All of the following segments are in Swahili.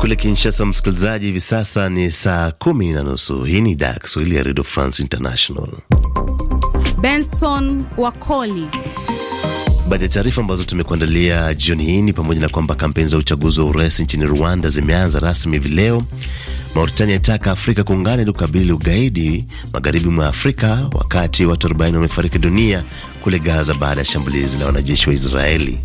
Kule Kinshasa, msikilizaji, hivi sasa ni saa kumi na nusu. Hii ni idhaa ya Kiswahili ya Redio France International. Benson Wakoli. Baadhi ya taarifa ambazo tumekuandalia jioni hii ni pamoja na kwamba kampeni za uchaguzi wa urais nchini Rwanda zimeanza rasmi hivi leo. Mauritania yataka Afrika kuungana ili kukabili ugaidi magharibi mwa Afrika, wakati watu 40 wamefariki dunia kule Gaza baada ya shambulizi la wanajeshi wa Israeli.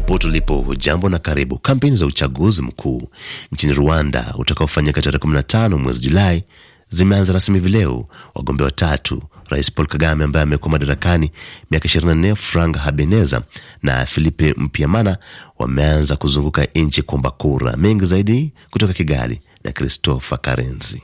Popote ulipo hujambo na karibu. Kampeni za uchaguzi mkuu nchini Rwanda utakaofanyika tarehe 15 mwezi Julai zimeanza rasmi vileo. Wagombea watatu, Rais Paul Kagame ambaye amekuwa madarakani miaka 24, Frank Habineza na Philipe Mpiamana wameanza kuzunguka nchi kuomba kura. Mengi zaidi kutoka Kigali na Christopher Karenzi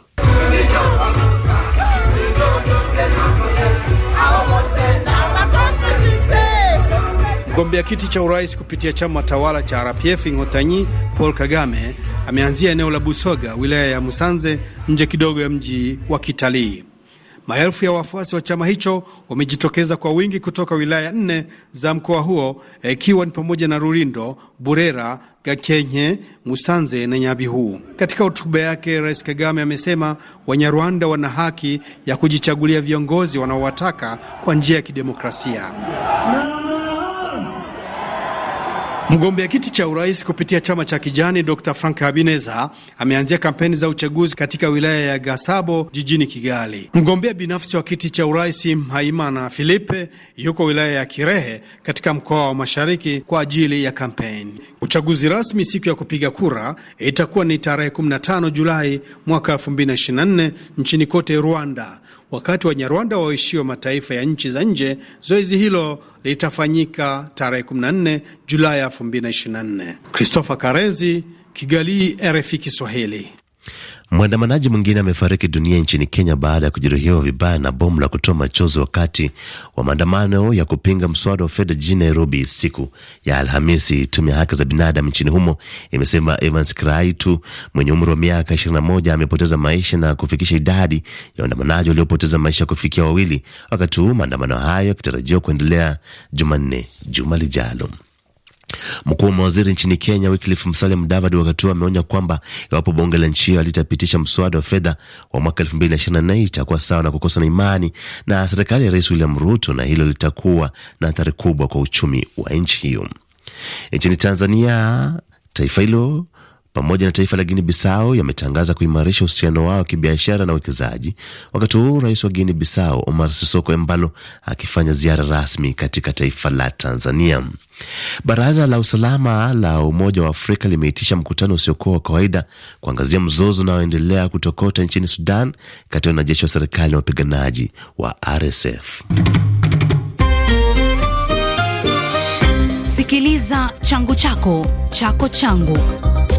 Mgombea kiti cha urais kupitia chama tawala cha RPF Ngotanyi Paul Kagame ameanzia eneo la Busoga, wilaya ya Musanze, nje kidogo ya mji wa kitalii. Maelfu ya wafuasi wa chama hicho wamejitokeza kwa wingi kutoka wilaya nne za mkoa huo, ikiwa ni pamoja na Rurindo, Burera, Gakenye, Musanze na Nyabihu. Katika hotuba yake, Rais Kagame amesema Wanyarwanda wana haki ya kujichagulia viongozi wanaowataka kwa njia ya kidemokrasia. Mgombea kiti cha urais kupitia chama cha kijani Dr Frank Habineza ameanzia kampeni za uchaguzi katika wilaya ya Gasabo jijini Kigali. Mgombea binafsi wa kiti cha urais Haimana Filipe yuko wilaya ya Kirehe katika mkoa wa Mashariki kwa ajili ya kampeni. Uchaguzi rasmi siku ya kupiga kura itakuwa ni tarehe 15 Julai mwaka 2024 nchini kote Rwanda, wakati Wanyarwanda waishio mataifa ya nchi za nje. Zoezi hilo litafanyika tarehe 14 Julai 2024. Christopher Karezi, Kigali, RFI Kiswahili. Mwandamanaji mwingine amefariki dunia nchini Kenya baada ya kujeruhiwa vibaya na bomu la kutoa machozi wakati wa maandamano ya kupinga mswada wa fedha jijini Nairobi siku ya Alhamisi. Tume ya haki za binadamu nchini humo imesema Evans Kraitu mwenye umri wa miaka 21 amepoteza maisha na kufikisha idadi ya waandamanaji waliopoteza maisha kufikia wawili, wakati huu maandamano hayo yakitarajiwa kuendelea Jumanne juma lijalo. Mkuu wa mawaziri nchini Kenya Wycliffe Musalia Mudavadi wakati huo ameonya kwamba iwapo bunge la nchi hiyo halitapitisha mswada wa fedha wa mwaka nne itakuwa sawa na kukosa na imani na serikali ya Rais William Ruto, na hilo litakuwa na athari kubwa kwa uchumi wa nchi hiyo. Nchini Tanzania, taifa hilo pamoja na taifa la Guinea Bissau yametangaza kuimarisha uhusiano wao wa kibiashara na uwekezaji, wakati huu rais wa Guinea Bissau Omar Sissoco Embalo akifanya ziara rasmi katika taifa la Tanzania. Baraza la usalama la Umoja wa Afrika limeitisha mkutano usiokuwa wa kawaida kuangazia mzozo unaoendelea kutokota nchini Sudan kati ya wanajeshi wa serikali na wapiganaji wa RSF. Sikiliza changu chako chako changu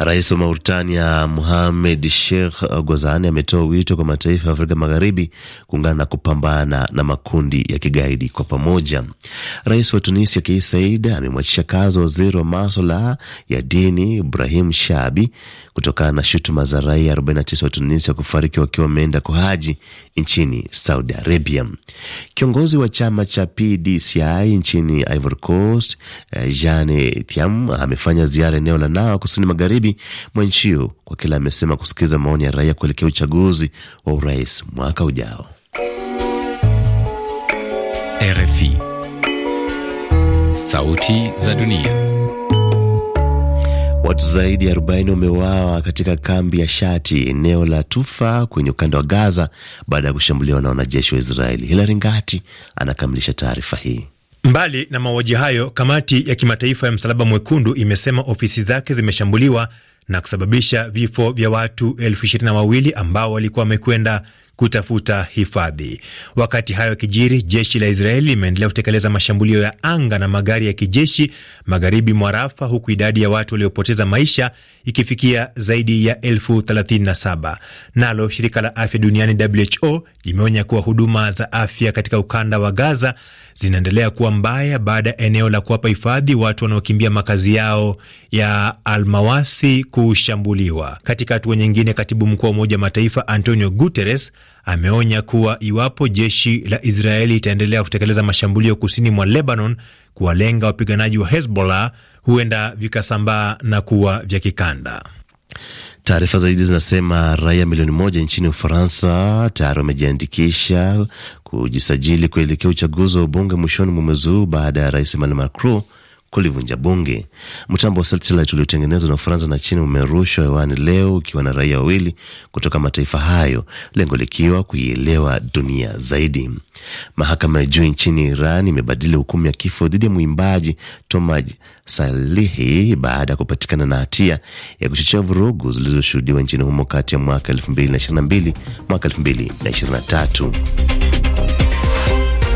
Rais wa Mauritania Mohamed Sheikh Gozani ametoa wito kwa mataifa ya Afrika Magharibi kuungana na kupambana na makundi ya kigaidi kwa pamoja. Rais wa Tunisia Kais Saied amemwachisha kazi waziri wa maswala ya dini Ibrahim Shabi kutokana na shutuma za raia 49 wa Tunisia kufariki wakiwa wameenda kuhaji nchini Saudi Arabia. Kiongozi wa chama cha PDCI nchini Ivory Coast, eh, Jeanne Thiam amefanya ziara eneo la Nawa kusini magharibi magharibi mwa nchi hiyo, kwa kile amesema kusikiliza maoni ya raia kuelekea uchaguzi wa urais mwaka ujao. RFI, sauti za dunia. Watu zaidi ya 40 wameuawa katika kambi ya Shati, eneo la Tufa kwenye ukanda wa Gaza baada ya kushambuliwa na wanajeshi wa Israeli. Hilari Ngati anakamilisha taarifa hii. Mbali na mauaji hayo, kamati ya kimataifa ya Msalaba Mwekundu imesema ofisi zake zimeshambuliwa na kusababisha vifo vya watu elfu ishirini na wawili ambao walikuwa wamekwenda kutafuta hifadhi. Wakati hayo yakijiri, jeshi la Israeli limeendelea kutekeleza mashambulio ya anga na magari ya kijeshi magharibi mwa Rafa, huku idadi ya watu waliopoteza maisha ikifikia zaidi ya elfu Nalo shirika la afya duniani WHO limeonya kuwa huduma za afya katika ukanda wa Gaza zinaendelea kuwa mbaya baada ya eneo la kuwapa hifadhi watu wanaokimbia makazi yao ya Almawasi kushambuliwa. Katika hatua nyingine, katibu mkuu wa Umoja wa Mataifa Antonio Guterres ameonya kuwa iwapo jeshi la Israeli itaendelea kutekeleza mashambulio kusini mwa Lebanon kuwalenga wapiganaji wa Hezbollah, huenda vikasambaa na kuwa vya kikanda. Taarifa zaidi zinasema raia milioni moja nchini Ufaransa tayari wamejiandikisha kujisajili kuelekea uchaguzi wa ubunge mwishoni mwa mwezi huu baada ya rais Emmanuel Macron kulivunja bunge. Mtambo wa satellite uliotengenezwa na Ufaransa na China umerushwa hewani leo ukiwa na raia wawili kutoka mataifa hayo, lengo likiwa kuielewa dunia zaidi. Mahakama ya juu nchini Iran imebadili hukumu ya kifo dhidi ya mwimbaji Tomaj Salihi baada ya kupatikana na hatia ya kuchochea vurugu zilizoshuhudiwa nchini humo kati ya mwaka 2022 mwaka 2023.